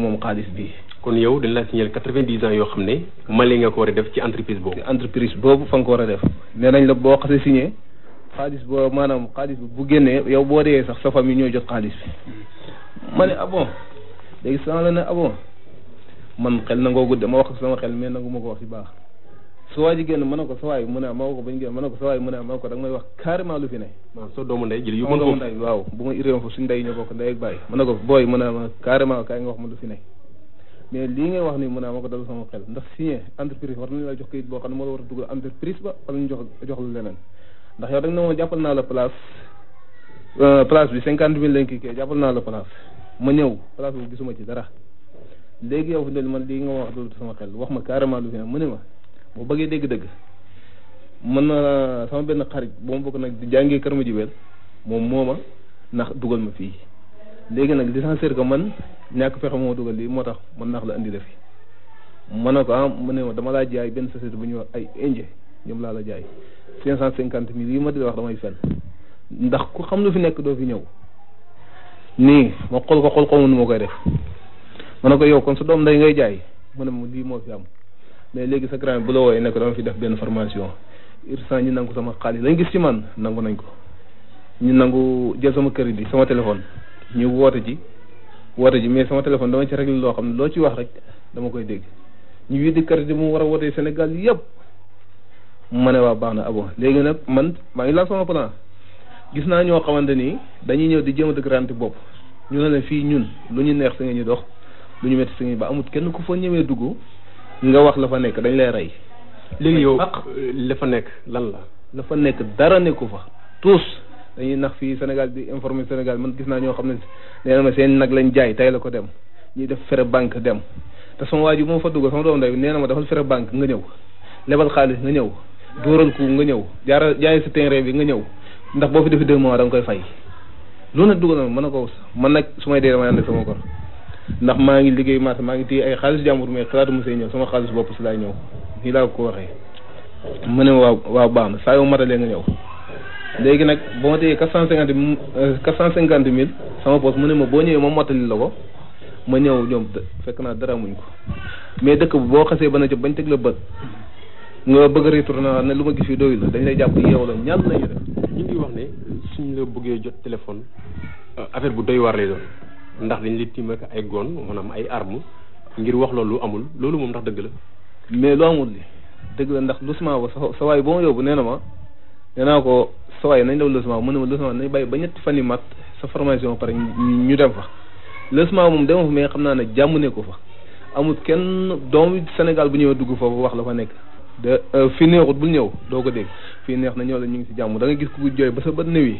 moom xaalis bi. kon yow dañ la signaler quatre-vingt-dix ans yoo xam ne Mali nga ko war def ci entreprise boobu. entreprise boobu fa nga ko war a def nee nañ la boo xasee signé xaalis boo maanaam xaalis bi bu génnee yow boo dee sax sa famille ñooy jot xaalis bi. ma ne ah bon léegi sama la ne ah man xel na ngoo gudd ma wax sama xel mais nangu ma ko wax ci baax. su waa ji génn mën na ko sawaay mu ne ma ko bañ na ko sawaay mu ne ma ko da nga may wax carrément lu fi ne ma irée na ko booy mu wax ma lu fi ne ngay wax ni mu ne ma ko dal sama xel ndax signé entreprise war nañu boo xam ne moo la war a dugal entreprise ba wala jox jox leneen ndax da nga ne ma naa la place euh, place bi cinquante mille lañ kii kee jàppal naa la place ma ñëw place bu gisuma ci dara léegi yow fu man lii nga wax dal sama xel wax ma carrément lu fi ne mu ne ma boo bëggee dégg-dëgg mën na sama benn xarit boo ma bokk nag di jàngee kër ma jibeel moom moo ma nax dugal ma fii léegi nag licencié ko man ñàkk fexe moo dugal lii moo tax man nax la andi la fi ma ne ko ah ne ma dama laa jaay benn société bu ñuy wax ay indien ñoom laa la jaay cinq cent cinquante mille yi ma di wax damay fenn ndax ku xam lu fi nekk doo fi ñëw nii ma xool ko xool ko nu ma koy def ma ne ko yow kon sa doom nday ngay jaay mu ne ma lii moo fi am mais léegi sa grand bu la wooyee ne dama fi def benn formation irsan ñu nangu sama xaalis lañ gis ci man nangu nañ ko ñu nangu jël sama crédit sama téléphone ñu woote ji woote ji mais sama téléphone dama ci réglé loo xam ne loo ci wax rek dama koy dégg ñu weddi crédit mu war a wootee Sénégal yëpp ma ne waa baax na abo léegi nag man maa ngi laal sama plan gis naa ñoo xamante ni dañuy ñëw di jéem a dëgg bopp ñu ne leen fii ñun lu ñu neex sa nga ñu dox lu ñu metti sa nga kenn ku fa ñëwee dugg nga wax la fa nekk dañu lay rey. léegi yow la fa nekk lan la. la fa nekk dara nekku fa tous dañuy nax fii Sénégal di informer Sénégal man gis naa ñoo xam ne nee ma seen nag lañ jaay tey la ko dem ñuy def fere banque dem te sama waa ji moo fa dugg sama doom ndey nee na ma defal fere banque nga ñëw lebal xaalis nga ñëw dóoral ko nga ñëw jaara jaay sa terrain bi nga ñëw ndax boo fi defee deux mois da nga koy fay. loolu nag dugg na ma ne ko man nag su may dee damay ànd sama kor ndax maa ngi liggéey maas maa ngi téye ay xaalis jàmbur mais xalaatu mu see ñëw sama xaalis bopp si laay ñëw nii laa ko waxee mu ne waaw waa baax na saa yow matalee nga ñëw léegi nag ba ma téyee quatre cent cinquante euh, quatre cent sama poos mu ne ma boo ñëwee ma mottali la ko ma ñëw ñoom fekk naa dara muñ ko mais dëkk bu boo xasee ba na jëm bañ teg la bët nga bëgg a retourné waat ne lu ma gis fi doyul la dañ lay jàpp yeew la ñaan nañu def ñu ngi wax ne suñ la bëggee jot téléphone euh, affaire bu doy waar lay ndax dañ la tiim ak ay gon maanaam ay arme ngir wax loolu lu amul loolu moom ndax dëgg la mais lu amul li dëgg la ndax lu ba sa sa waay ba ma yóbbu nee na ma nee naa ko sa nañ daw losement mu ne ma losement nañ bàyyi ba ñetti fan yi mat sa formation pare ñu dem fa losement moom dema fa mais xam naa ne jàmm ne ko fa amul kenn doomu Sénégal bu ñëwee dugg foofu wax la fa nekk de euh, fii neexut bul ñëw doo ko dégg fii neex na ñëw la ñu ngi si jàmm da nga gis ku jooy ba sa bët néew yi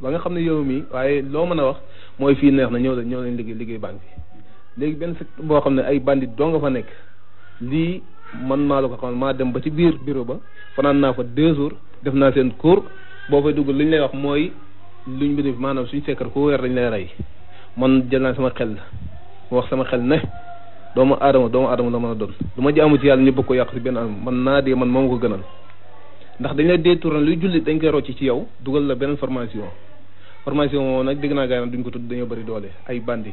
ba nga xam ne yow mii waaye loo mën a wax mooy fii neex na ñëw la ñëw lañ liggéey liggéey baa ngi léegi benn secteur boo xam ne ay bandit doo nga fa nekk lii man maa la ko xamal maa dem ba ci biir bureau ba fanaan naa fa deux jours def naa seen cours boo fay dugg li ñu lay wax mooy luñ bi maanaam suñ fekkar ku weer dañ lay rey man jël naa sama xel wax sama xel ne doomu aadama doomu aadama la mën a doon du ma jaamu ci yàlla ñu bëgg ko yàq si benn anam man naa dee man moo ma ko gënal ndax dañ lay détourné dañ koy rocc ci yow dugal la beneen formation formation moom nag dégg naa gars yi duñ ko tudd dañoo bari doole ay bandi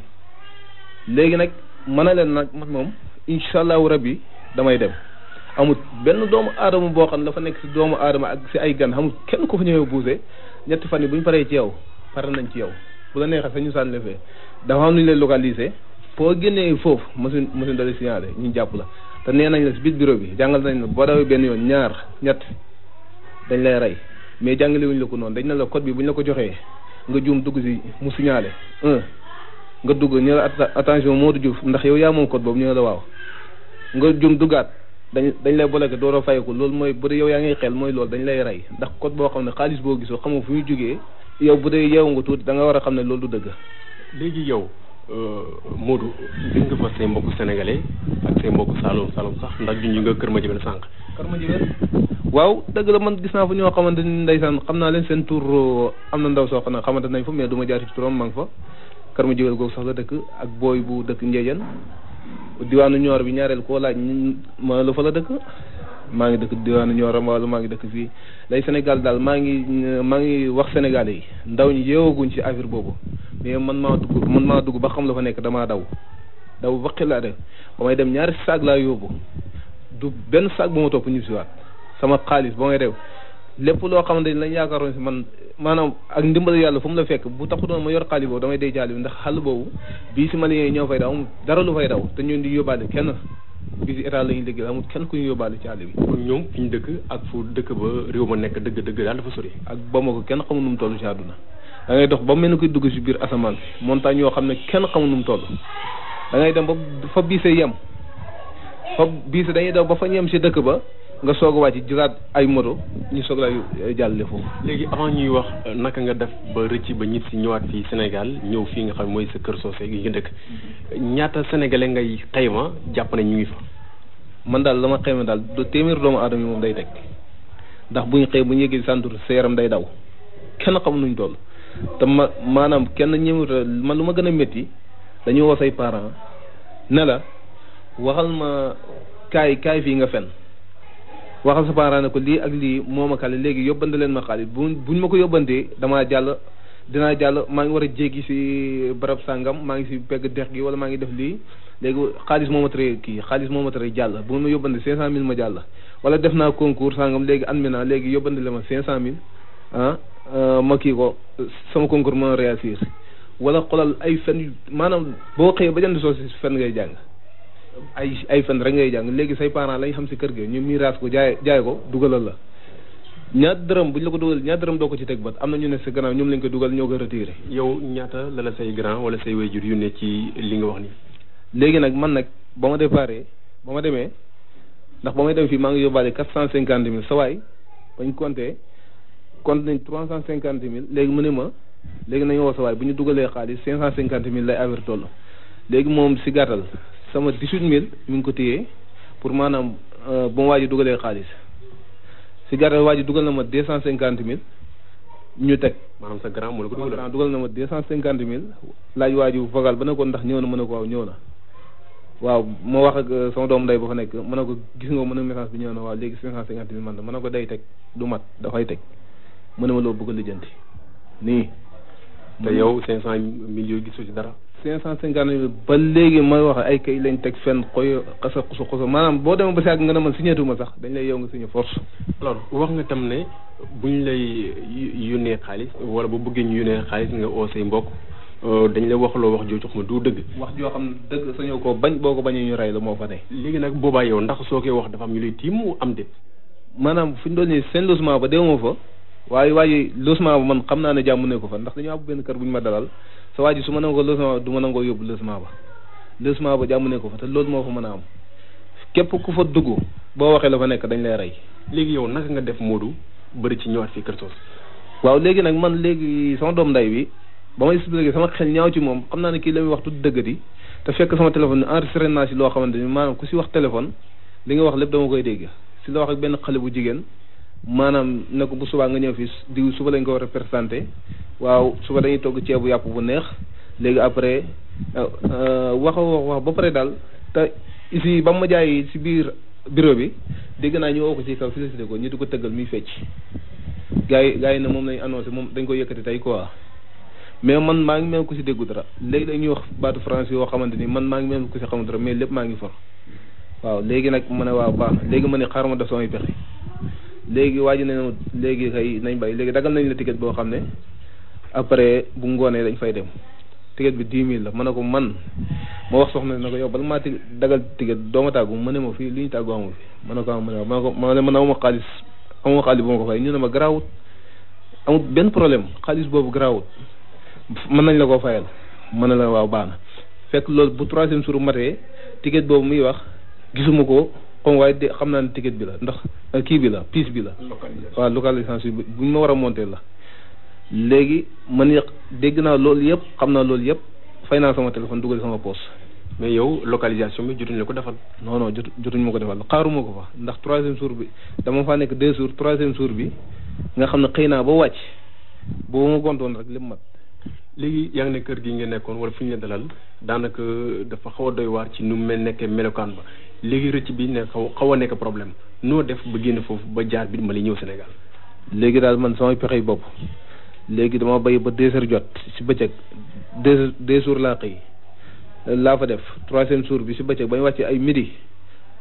léegi nag mën na leen nag man moom incha allahu rabbi damay dem amut benn doomu adama boo xam ne dafa nekk si doomu aadama ak si ay gan amul kenn ko fa ñëwee buuse ñetti fan yi bu ñu paree ci yow pare nañ ci yow bu la neexee sax ñu sànni la dafa am lu leen localisé foo génnee foofu machine machine da lay ñu jàpp la te nee nañ la si biir bureau bi jàngal nañ la boo dawee benn yoon ñaar ñett dañ lay rey mais jàngale wuñ la ko noonu dañ ne la code bi buñ la ko joxee nga jum dugg si mu signalé un nga dugg ñu la attention Modou Diouf ndax yow yaa moom code boobu ñu ne la waaw nga juum duggaat dañ dañ lay bloqué dooro a ko loolu mooy bu dee yow yaa ngi xel mooy loolu dañ lay rey ndax code boo xam ne xaalis boo gisoo xamoo fu ñu jógee yow bu dee yeewu nga tuuti da nga war a xam ne loolu du dëgg di yow Euh, Modou gis nga fa say mbokku sénégalais ak say mbokku Saloum Saloum sax ndax ñu nga kër ma jibeen sànq. kër ma jibeen waaw dëgg la man gis naa fa ñoo xamante ni ndeysaan xam naa leen seen tur euh, am na ndaw soo na ne xamante nañ fa mais du jaar ci turam man ngi fa kër ma jibeen googu sax la dëkk ak booy bu dëkk Ndiédiène diwaanu ñoor bi ñaareel koo laaj moo la fa la dëkk maa ngi dëkk diwaanu Nioro wala maa ngi dëkk fii lay Sénégal daal maa ngi maa ngi wax sénégalais ndaw ñi yeewaguñ ci affaire boobu mais man maa dugg man maa dugg ba xam la fa nekk damaa daw daw ba xilaate ba may dem ñaari saag laa yóbbu du benn saag bu ma topp ñu siwaat sama xaalis ba may dem lépp loo xamante ni lañ yaakaaroon si man maanaam ak ndimbal yàlla fu mu la fekk bu taxu doon ma yor xaalis boobu damay dee jaali bi ndax xàll boobu bii si maliens yi ñoo fay daw dara lu fay daw te ñu di yóbbaale kenn bii si état la ñuy liggéey amul kenn ku ñu yóbbaale ci àll bi kon ñoom fi dëkk ak dëkk réew ma nekk dëgg dëgg daal dafa sori ak ba ma kenn xamul nu mu toll da dox ba mel ni koy dugg si biir asamaan si montagne yoo xam ne kenn xamu nu mu toll da ngay dem ba fa biise yem fa biise dañuy daw ba fa yem si dëkk ba nga soog a wàcc jëlaat ay moto ñu soog lay jàllale foofu. léegi avant ñuy wax euh, naka nga def ba rëcc ba ñit si ñëwaat fii Sénégal ñëw fii nga xam mooy sa kër soose gi nga dëkk ñaata sénégalais ngay xayma jàpp ne ñu ngi fa. man daal la ma xayma daal téeméer doomu aadama yi moom day teg ndax bu ñu bu ñu yeggee santur sa yaram day daw kenn xam nuñ toll. te ma maanaam kenn ñëwut man lu ma gën a métti dañu woo say parents ne la waxal ma kaay kaay fii nga fen waxal sa parent ne ko lii ak lii moo ma kale léegi yóbbante leen ma xaalis bu buñ ma ko yóbbantee damaa jàll dinaa jàll maa ngi war a jéggi si barab sàngam maa ngi si pegg dex gi wala maa ngi def lii léegi xaalis moo ma tere kii xaalis moo ma tere jàll bu ma yóbbante cinq cent mille ma jàll wala def naa concours sàngam léegi admis naa léegi yóbbante le ma cinq ah Euh, ma kii ko sama concours mën a réussir wala xoolal ay fen maanaam boo xëyee ba jënd soo si fen ngay jàng ay ay fen rek ngay jàng léegi say parent lañ xam si kër gi ñu miraas ko jaay jaay ko dugalal la ñaar dërëm buñ la ko dugal ñaat dërëm doo ko ci teg bat am na ñu ne sa gannaaw ñoom lañ ko dugal ñoo ko retiré. yow ñaata la la say grand wala say wayjur yu ne ci li nga wax nii. léegi nag man nag ba ma déparé ba ma demee ndax ba may dem fii maa ngi yóbbaale quatre cent cinquante mille sa waay bañ compté. compte nañ trois cent cinquante mille léegi mu ne ma léegi nañu woo sa waay bu ñu dugalee xaalis cinq cent cinquante mille lay affaire toll léegi moom si gàttal sama dix huit mille mi ngi ko téyee pour maanaam euh, ba mu waa ji dugalee xaalis si gàttal waa ji dugal na ma deux cent cinquante mille ñu teg. maanaam sa grand moo la na ma deux cent cinquante mille laaj waa ji vocal ba ne ndax ñëw na mën na ko waaw ñëw na. waaw ma wax ak euh, sama doom nday ba fa nekk mën na ko gis nga mën na message bi ñëw na waaw léegi cinq man na mën na ko day teg du mat dafay teg. mu ne ma loo bëgg a lijjanti nii. te yow cinq cent mille yooyu gisoo ci dara. cinq cent cinquante mille ba léegi ma wax ay kay lañ teg fenn xoy xasa xusu xusu maanaam boo demee ba si àgg nga ne man signé tuma sax dañ lay yow nga signé force. alors wax nga tam ne buñ lay yónnee xaalis wala bu bëggee ñu yónnee xaalis nga oo say mbokk euh, dañ lay wax loo wax joo jox ma du dëgg. wax joo xam dëgg sañoo ko bañ boo ko bañee ñu rey la moo fa ne. léegi nag boobaa yow ndax soo koy wax dafa am ñu lay tiim mu am de. maanaam fi ñu doon nii seen logement ba demoo fa. waaye waaye logement ba man xam naa ne jàmm ne fa ndax dañoo am benn kër bu ñu ma dalal sa waa su ma nangoo logement du ma nangoo yóbbu logement ba logement ba jàmm ne ko fa te loolu moo fa a am képp ku fa dugg boo waxee la fa nekk dañ lay rey. léegi yow naka nga def Modou bëri ci ñëwaat fii Kër Sos. waaw léegi nag man léegi sama doom nday bi ba may expliqué sama ñaaw ci moom xam naa ne kii la muy wax tudd dëggati te fekk sama téléphone enregistré naa si loo xamante ni maanaam ku si wax téléphone li nga wax lépp dama koy dégg si la wax ak benn xale bu jigéen maanaam ne ko bu subaa nga ñëw fii diw suba lañ ko war a présenté waaw suba dañuy togg ceebu yàpp bu neex léegi après euh, euh, wax wax wax ba pare daal te ici ba ma jaay si biir bureau bi dégg naa ñu woo ko ci kaw félicité ko ñu di ko tëggal muy fecc gars yi na yi ne moom lañ annoncé moom dañ ko yëkkati tey quoi mais man maa ngi mel ko si déggu dara léegi dañuy wax baatu français yoo xamante ni man maa ngi mel ko si xamante dara mais lépp maa ngi for waaw léegi nag ma ne waaw baax léegi ma ne xaaral ma def samay pexe léegi waa na nañu léegi kay nañ bay léegi dagal nañ la ticket boo xam ne après bu ngoonee dañ fay dem ticket bi dix mille la ma ne ko man ma wax soxna ne ko yow bala maa ti dagal ticket ma tàggu ma ma li ñu tàggu amu fi ah, ma ne ko ma ne ma ko ma ne man amuma xaalis amuma bu ma ko fay ñu ne ma garaawut amut benn problème xaalis boobu garaawut mën nañ la koo fayal mën na la waaw baax na fekk loolu bu troisième jour matee ticket boobu muy wax gisuma ko comme waaye de xam naa ne ticket bi la ndax euh, kii bi la pièce bi la. waaw localisation bi bu ma war a monter la. léegi man yàq dégg naa loolu yëpp xam naa loolu yëpp fay naa sama téléphone dugal sama poche. mais yow localisation bi jotuñ la ko defal. non non jotu ma ko defal xaaruma ko fa ndax troisième jour bi dama faa nekk deux jours troisième jour bi nga xam ne xëy naa ba wàcc boobu ma gontoon rek lépp mat. léegi yaa ngi ne kër gi nga nekkoon wala fu ñu la dalal daanaka dafa xaw a doy waar ci nu mu nekkee melokaan ba léegi rëcc bi ne xaw xaw a nekk problème noo def ba génn foofu ba jaar bi ma lay ñëw Sénégal. léegi daal man samay pexe bopp léegi dama bay ba deux heures jot si bëccëg deux deux jours laa xëy laa fa def troisième jour bi si bëccëg ba ñu wàccee ay midi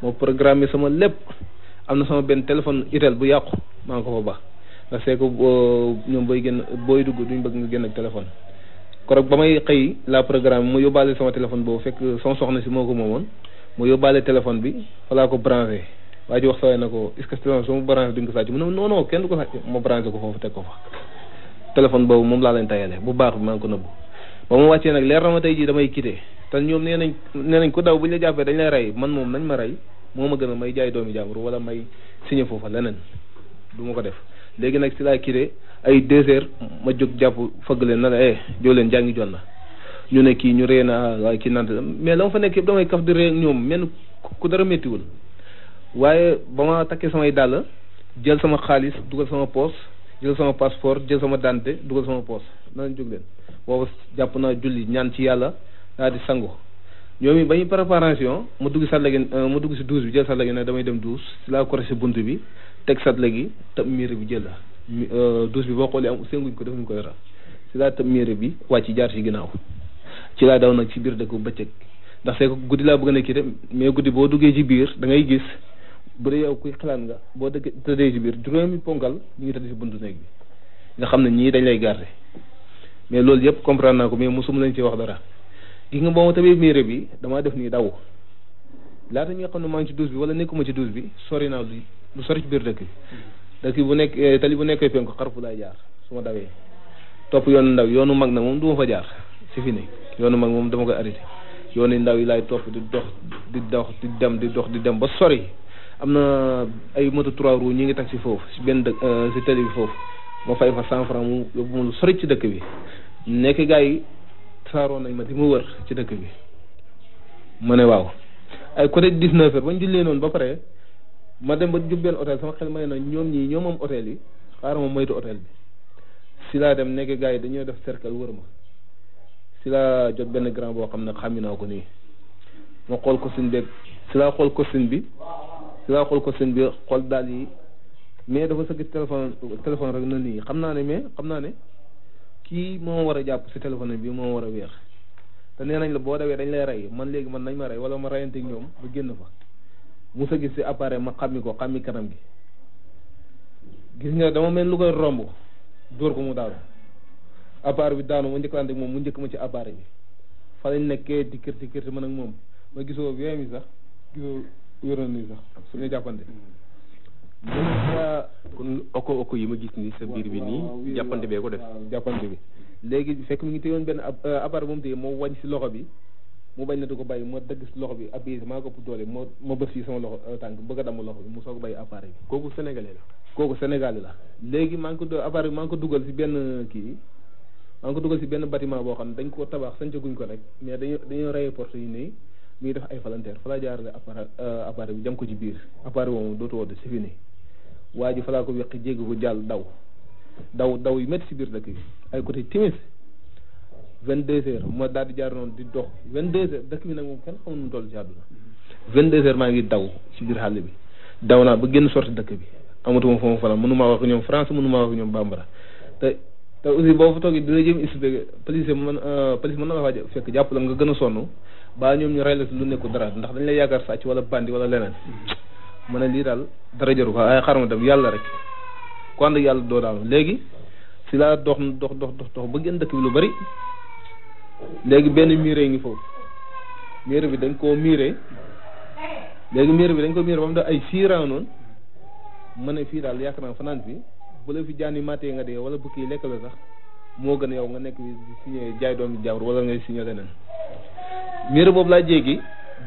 moo programmé sama lépp am na sama benn téléphone itel bu yàqu maa ngi ko fa ba ndax c'est que euh, ñoom booy génn booy dugg duñ bëgg nga génn ak téléphone. korog ba may xëy la programme mu yóbbaale sama téléphone boobu fekk sama soxna si moo ko mu yóbbaale téléphone bi falaa ko branché waa wax sawaay na ko est-ce que téléphone su ma branché duñ ko sàcc mu ne non non kenn du ko sàcc ma ko foofu teg ko fa téléphone boobu moom laa leen tayale bu baax bi maa ko nëbbu ba mu wàccee nag leer na ma tey jii damay quitté te ñoom nee nañ nee nañ ku daw bu ñu la jàppee dañ lay rey man moom nañ ma rey moo ma gën a may jaay doomi jàmbur wala may signé foofa leneen du ma ko def léegi nag si laa quitté ay deux ma jóg jàpp fëgg leen na la eh joo leen jàngi jot na ñu ne kii ñu ree na ki nant nant mais la ma fa nekk yëpp damay kaf di ree ak ñoom mel ku dara méttiwul waaye ba ma takkee samay dàll jël sama xaalis dugal sama poos jël sama passeport jël sama dante dugal sama poos na leen jóg leen boobu jàpp naa julli ñaan ci yàlla daal di sangu ñoom it ba ñu préparation mu dugg sàlle gi euh, mu dugg si douche bi jël sàlle gi ne damay dem douche si laa koré si bunt bi teg sàlle gi tëb miir bi jël la euh, douche bi boo xoolee am ko defuñ ko yora laa tëb miir bi wàcc jaar si ginnaaw ci laa daw nag ci biir dëkk bu bëccëg ndax c'est que guddi laa bëgg a nekk itam mais guddi boo duggee ci biir da ngay gis bu dee yow kuy xalaat nga boo dëgg tëddee ci biir du juróomi ponkal ñu ngi tëdd ci buntu néeg bi nga xam lay garder mais loolu yëpp comprendre ko mais mosuma lañ ci wax dara gis nga boo ma tamit bi damaa def nii daw laata ñi nga xam ne maa ngi ci douche bi wala nekkuma ci douche bi sori naa lu lu sori ci biir dëkk bi dëkk bu nekk tali bu nekkee penku xarfu laay jaar su ma dawee topp yoonu ndaw yoonu mag na moom du ma fa jaar c'est fini yoonu mag moom dama koy arrêté yoonu ndaw yi laay topp di dox di dox di dem di dox di dem ba sori am na ay moto trois roues ñi ngi tax ci foofu si benn dëkk ci euh, tali bi foofu ma fay fa cent franc mu yóbbu ma sori ci dëkk bi nekk gars yi saaroo nañ ma di ma wër ci dëkk bi ma ne waaw ay côté dix-neuf heures ba ñu jullee noonu ba pare ma dem ba jub benn hôtel sama xel may na ñoom ñii ñoom moom yi xaaral ma moytu hôtel bi si laa dem nekk gaa yi dañoo def cercle wër ma si laa jot benn grand boo xam ne xàmmi naa ko nii ma xool ko sin beeg si laa xool ko bi si laa xool ko bi xool daal yi mais dafa sëgg téléphone téléphone rek na nii xam naa ne mais xam naa ne kii moom war a jàpp si téléphone bi moom war a weex te nee nañ la boo dawee dañ lay rey man léegi man nañ ma rey wala ma reyanteeg ñoom ma génn fa mu sëgg si appareil ma xàmmi ko xàmmi kanam gi gis nga dama mel lu koy romb dóor ko mu daal appareil bi daanu ma njëkk moom mu njëkk ma ci appareil bi fa lañ nekkee di kërti kërti man ak moom ma gisoo bien mi sax gisoo wéroon ni sax suñu ah, yi ma gis ni sa bi nii jàppante bee ko def jàppante bi léegi fekk mi ngi téyoon benn appareil euh, moom téye moo wañ si loxo bi mu bañ na du ko bàyyi ma dëgg si loxo bi abbi maa ko ëpp doole ma ma bës fii sama loxo euh, tànk bëgg a loxo bi mu soo a bàyyi appareil bi kooku sénégalais la kooku sénégalais la léegi maa ngi ko maa ngi ko dugal si benn kii maa ngi ko dugal si benn batiment boo xam ne dañ ko tabax sancaguñ ko rek mais dañu dañoo rey porte yi nii ngi def ay falanteer fa laa jaarale appareil euh, appareil bi jam ko ci biir appareil boobu dootu woo si fini waa ji fa laa ko weq jéggi ko jàll daw daw daw yi métti ci biir dëkk bi ay côté timis vingt deux heures ma daal di jaar noonu di dox vingt deux heures dëkk bi nag moom kenn xamul mu toll si àdduna vingt deux heures maa ngi daw si biir xàll bi daw naa ba génn sorti dëkk bi amatuma foofu fanaan mënumaa wax ñoom France mënumaa wax ñoom bambara te te aussi boo fa toogee dina jëm expliqué police mën euh, police mën na la faa fekk jàpp la nga gën a sonn baa ñoom ñu rey si lu nekkul dara ndax dañ lay yaakaar sàcc wala bandi wala leneen ma mm-hmm. ne lii daal dara jaru ko ay xarama dem yàlla rek ko ànd yàlla doo daanu léegi si laa dox dox dox dox dox ba génn dëkk bi lu bari léegi benn miire ngi foofu miire bi dañ koo miire léegi miire bi dañ ko miire ba mu def ay six rounds noonu ma ne daal yaakaar naa fanaan fii bu la fi jaan yi nga dee wala bukk yi lekk la sax moo gën yow nga nekk di signé jaay doomu jàmbur wala ngay signé leneen miir boobu laa jéggi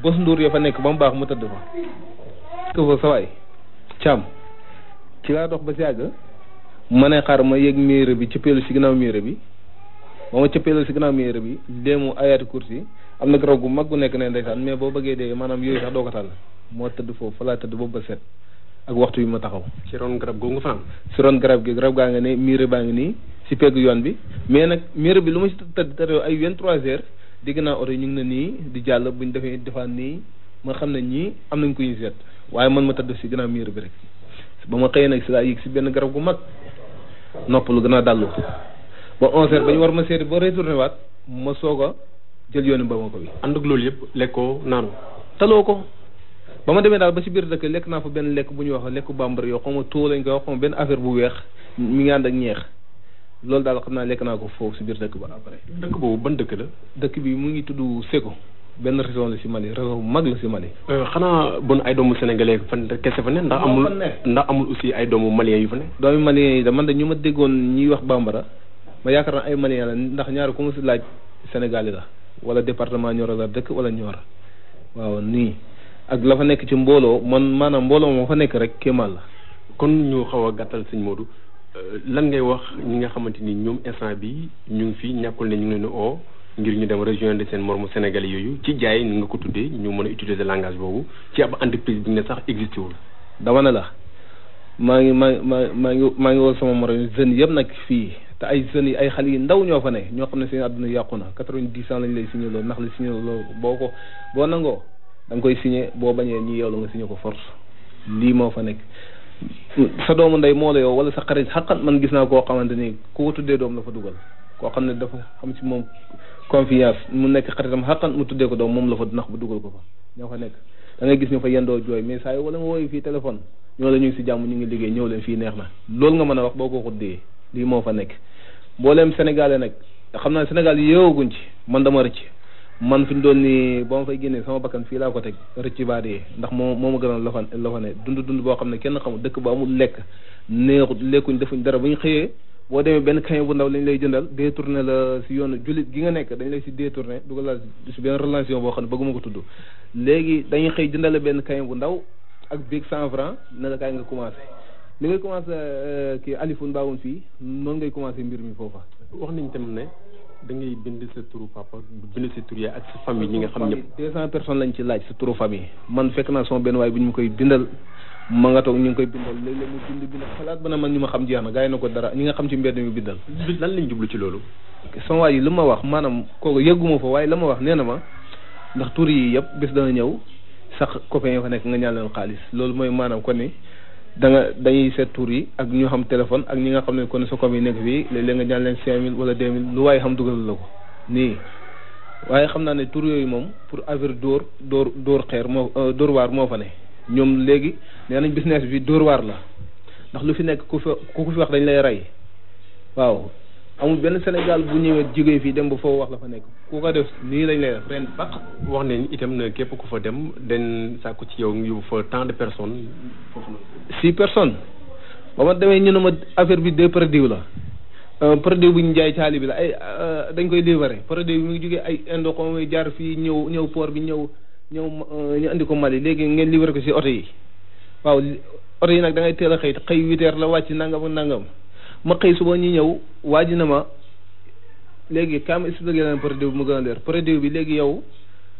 bës nduur ya fa nekk ba mu baax mu tëdd fa ko fa sawaay càmm ci laa dox ba si àgg ma ne xaar ma yëg miir bi cëppeelu si ginnaaw miir bi ba ma cëppeelu si ginnaaw miir bi léemu ayaati kursi am na garab gu mag gu nekk ne ndeysaan mais boo bëggee dee maanaam yooyu sax doo ko tàll moo tëdd foofu fa laa tëdd boobu ba set ak waxtu wi ma taxaw. ci ron garab googu nga fa am. ci ron garab gi garab gaa nga ne miir baa ngi nii si pegg yoon bi mais nag miir bi lu ma si tëdd tëdd ay vingt-trois heures dégg naa oto ñu ngi na nii di jàll ñu defee defaan nii ma xam ne ñii am nañ ko ñu waaye man ma tëdd si gannaaw miir bi rek ba ma xëyee nag si laa yëg si benn garab gu mag noppalu gën a dallu ba onze heures ba ñu war ma seeti ba retourné waat ma soog a jël yoonu ba ma bi ànd ak loolu yëpp lekkoo naanoo ba ma demee daal ba ci biir dëkk lekk naa fa benn lekk bu ñuy wax lekku bambara yoo xaw ma tóo lañ koy wax xaw ma benn affaire bu weex mi ngi ànd ak ñeex loolu daal xam naa lekk naa ko foofu si biir dëkk ba après. dëkk boobu ban dëkk la. dëkk bi mu ngi tudd Seko benn région la si Mali région bu mag la si Mali. Euh, xanaa bon ay doomu sénégalais fan kese fa ne. ndax amul ndax amul aussi ay doomu maliens yu fa ne. doomu maliens yi da man de ñu ma déggoon ñuy wax bambara ma yaakaar naa ay maliens la ndax ñaar ku si laaj Sénégal la wala département Nioro la dëkk wala Nioro waaw nii ak la fa nekk ci mbooloo man maanaam mbooloo moo fa nekk rek kéemaan la kon ñu xaw a gàttal sëñ Modou euh, lan ngay wax ñi nga xamante ni ñoom instant bi ñu ngi fi ñàkkul ne ñu ngi oo ngir ñu dem rejoindre seen moroomu Sénégal yooyu ci jaay ni nga ko tuddee ñu mën a utiliser langage boobu ci ab entreprise bi ne sax existé wul. dama ne la maa ngi maa maa maa ngi maa ngi woo sama moroom jeunes yëpp nag fii te ay jeunes yi ay xale yi ndaw ñoo fa ne ñoo xam ne seen àdduna yàqu na quatre-vingt-dix ans lañ lay signalé ndax la signalé boo ko boo nangoo. da koy signé boo bañee ñi yow la nga signé ko force lii moo fa nekk sa doomu ndey moo la yow wala sa xarit xaqan man gis naa koo xamante ni ku ko tuddee doom la fa dugal koo xam ne dafa xam ci moom confiance mu nekk xaritam xaqan mu tuddee ko doom moom la fa nax bu dugal ko fa ñoo fa nekk da ngay gis ñu fa yendoo jooy mais saa yi wala nga wooyu fii téléphone ñoo la ñu ngi si jàmm ñu ngi liggéey ñëw leen fii neex na loolu nga mën a wax boo ko xuddee lii moo fa nekk mbooleem sénégalais nag xam naa sénégal yeewaguñ ci man dama rëcc man fi mu doon nii ba ma fay génnee sama bakkan fii laa ko teg rëcc baa yi ndax moo moo ma gënoon lofan lofane dund dund boo xam ne kenn xamul dëkk ba amul lekk neexut lekkuñ defuñ dara bu ñu xëyee boo demee benn kañ bu ndaw lañ lay jëndal détourné la si yoon jullit gi nga nekk dañ lay si détourné dugal la si benn relation boo xam ne bëgguma ko tudd léegi dañuy xëy jëndal benn kañ bu ndaw ak biig cent franc ne la nga commencé ni ngay commencé euh, kii alifun baawun fii noonu ngay commencé mbir mi foofa wax nañ tam ne da ngay bind sa turu papa bind sa tur yaay ak sa famille ñi nga xam ñëpp. deux cent personnes ci laaj sa turu man fekk naa sama benn waay bu ñu koy bindal ma nga toog ñu ngi koy bindal xalaat ba na man ñu ma xam jeex na gars yi na ko dara ñi nga xam ci mbedd mi bindal. lan lañ jublu ci loolu. sama waay yi lu ma wax maanaam kooku yëgguma fa waaye la ma wax nee na ma ndax tur yi yëpp bés dana ñëw sax copain yoo fa nekk nga ñaan leen xaalis loolu mooy maanaam kon danga dañuy seet tur yi ak ñu xam téléphone ak ñi nga xam ne kon sa com yi nekk fii léeg-léeg nga ñaan leen cinq mille wala deux mille lu waaye xam dugal la ko nii waaye xam naa ne tur yooyu moom pour affaire dóor dóor dóor xeer moo euh, dóor waar moo fa ne ñoom léegi nee nañ business bi dóor waar la ndax lu fi nekk ku fi ku fi wax dañ lay rey waaw amul benn Sénégal bu ñëwee jógee fii dem ba foo wax la fa nekk ku ko def nii lañ lay def ren sax wax nañ itam na képp ku fa dem dañ sàkku ci yow yóbbu fa tant de personnes six personnes ba ma demee ñu ne ma affaire bi de produit la produit bu ñu jaay bi la ay euh, dañ koy libéré produit bi mu ngi jógee ay indo ko muy jaar fii ñëw ñëw poor bi ñëw ñëw euh, ñu indi ko Mali léegi ngeen libéré ko si oto yi waaw oto yi nag da ngay teel a xëy xëy huit la wàcc nangam nangam ma xëy suba ñu ñëw waa na ma léegi kaam expliqué leen produit bi mu gën a leer diw bi léegi yow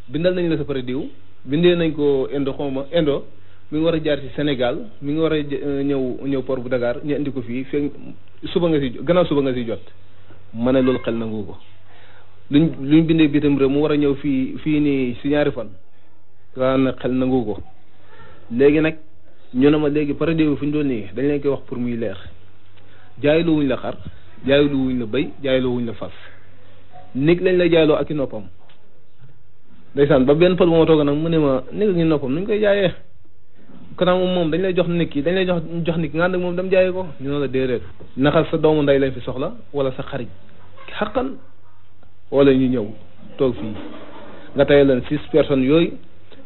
bindal nañ la sa produit bindee nañ ko indo xawma indo mi ngi war a jaar ci Sénégal mi ngi war a euh, ñëw ñëw port bu Dakar ñu indi ko fii fekk suba nga si gannaaw suba nga si jot ma ne loolu xel nangu ko luñ luñ bindee bitim réew mu war a ñëw fii fii nii si ñaari fan waa na xel nangu ko léegi nag ñu na ma léegi produit bi fu ñu doon nii dañ leen koy wax pour muy leer jaayloo wuñ la xar jaayloo wuñ la béy jaayloo wuñ la fas néeg lañ la jaayloo ak i noppam ndeysaan ba benn pël bu ma toog nag mu ne ma néeg ak i noppam nuñ koy jaayee kanam moom dañ lay jox nit dañ lay jox jox nit ki nga moom dem jaayee ko ñu ne la déedéet naxal sa doomu nday lañ fi soxla wala sa xarit xaqan wala ñu ñëw toog fii nga tey leen six personnes yooyu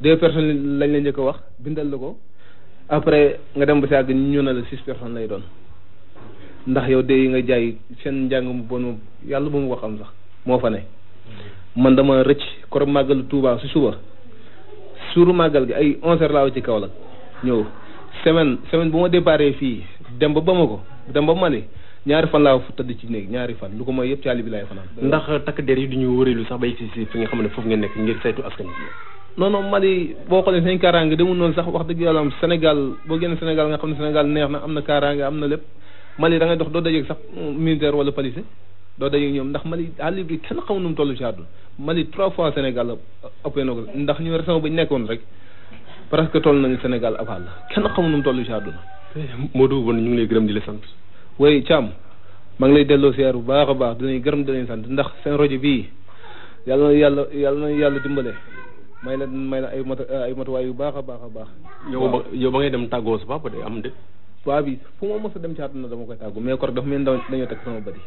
deux personnes lañ la njëkk wax bindal la ko après nga dem ba si àgg ñu na la six personnes lay doon ndax yow de nga jaay seen njàng mu bon yàlla bu mu wax am sax moo fa ne man dama rëcc kor màggalu tuubaa si suba suuru màggal gi ay onze heures laa ci Kaolack ñëw semaine semaine bu ma déparé fii dem ba Bamako dem ba Mali ñaari fan laa fu tëdd ci néeg ñaari fan lu ko mooy yëpp ci àll bi laay fanaan ndax takk der yi du ñu wëreelu sax bay si si fi nga xam ne foofu ngeen nekk ngir saytu askan non non Mali boo xoolee seen kaaraange sax wax dëgg yàlla am Sénégal boo génn Sénégal nga xam ne Sénégal neex na am na kaaraange am na lépp Mali da ngay dox doo dajeeg sax militaire wala police doo dajeeg ñoom ndax Mali àll bi kenn xaw nu mu toll ci àdduna Mali trois fois Sénégal ëppee na ko ndax ñu région ba ñu nekkoon rek parce que toll nañu Sénégal ab àll kenn xaw nu mu toll ci moo Modou bon ñu ngi lay gërëm di la sant. way Thiam maa ngi lay delloo siyaar bu baax a baax dinañ gërëm dinañ sant ndax seen rajo bii yàlla na yàlla yàlla na yàlla dimbale. may la may la ay matu ay matuwaay yu baax a baax a baax. yow ba yow ba dem tàggoo sa papa de am de. paa bi fu ma mos a dem ci àdduna dama koy tàggu mais kor dafa mel daw dañoo teg sama bëri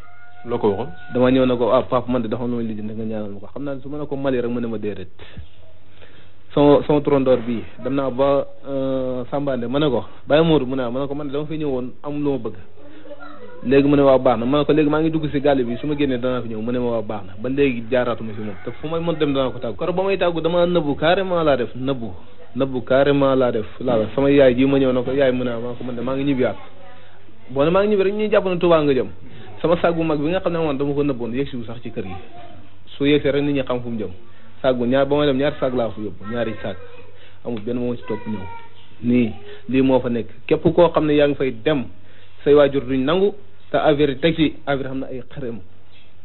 loo ko waxoon dama ñëw na ko ah papa man de dafa ma lijjanti nga xam naa ne su ma ne ko Mali rek mu ne ma déedéet sama sama turandoor bii dem naa ba euh, Sambande ma ne ko bàyyi Modou mu ne ah ma ne ko man de dama fi woon am lu ma bëgg léegi mu ne waa baax na ma ne ko léegi maa ngi dugg si gàll bi su ma génnee danaa fi ñëw mu ne ma waa baax na ba léegi jaaraatuma fi moom te fu may mën dem danaa ko tàggu kor ba may tàggu laa def nëbbu nëbbu carrément laa def laa def sama yaay ji ma ñëw na ko yaay mu ne maa ko mën de maa ngi ñibbiwaat boo ne maa ngi ñibbi rek ñuy jàpp ne Tuubaa nga jëm sama saag bu mag bi nga xam ne amoon dama ko nëbboon yegsi bu sax ci kër gi su yegsee rek nit ñi xam fu mu jëm saag bu ñaar ba may dem ñaari saag laa fu yóbbu ñaari saag amul benn moom ci topp ñëw nii lii moo fa nekk képp koo xam ne yaa ngi fay dem say waajur duñ nangu te affaire yi teg ci affaire xam ne ay xërëm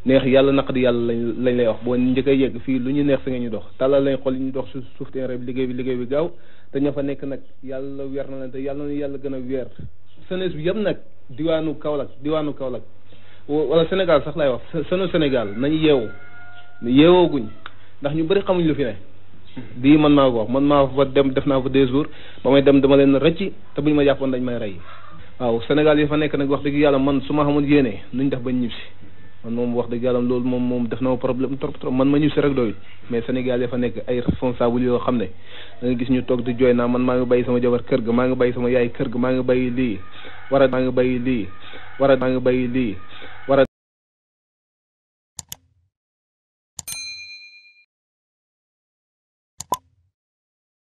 neex yàlla di yàlla lañ lañ lay wax boo njëkkee yegg fii lu ñu neex si nga ñu dox talal lañ xool ñu dox su suuf terrain bi liggéey bi liggéey bi gaaw te ña fa nekk nag yàlla weer na leen te yàlla na yàlla gën a weer jeunesse bi nag diwaanu Kaolack diwaanu Kaolack wala Sénégal sax laay wax senu Sénégal nañ yeewu yeewooguñ ndax ñu bëri xamuñ lu fi ne bii man maa man maa fa dem def naa fa deux dem dama leen rëcc te buñ ma jàppoon dañ may rey waaw senegal yi fa nekk nag wax dëgg yàlla man su ma xamoon yéene ñu def bañ ñu si man moom wax dëgg yàlla loolu moom moom def na ma problème trop trop man ma ñu si rek mais Sénégal fa nekk ay responsable yoo xam ne da gis ñu toog di jooy naa man maa ngi bàyyi sama jabar kër ga maa ngi bàyyi sama yaay kër ga maa ngi bàyyi lii war a maa ngi bàyyi lii war a maa ngi bàyyi lii